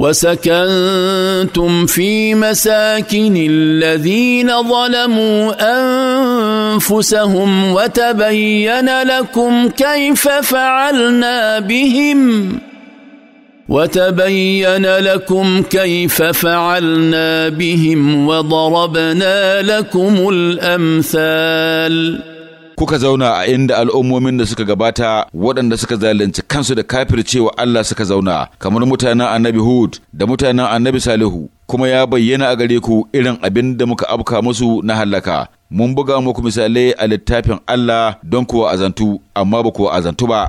وسكنتم في مساكن الذين ظلموا انفسهم وتبين لكم كيف فعلنا بهم وتبين لكم كيف فعلنا بهم وضربنا لكم الامثال kuka zauna a inda al'ummomin da suka gabata waɗanda suka zalunci kansu da kafircewa Allah suka zauna kamar mutanen annabi Hud da mutanen annabi Salihu kuma ya bayyana a gare ku irin abin da muka afka musu na hallaka mun buga muku misalai a littafin Allah don kuwa azantu amma ba kuwa azantu ba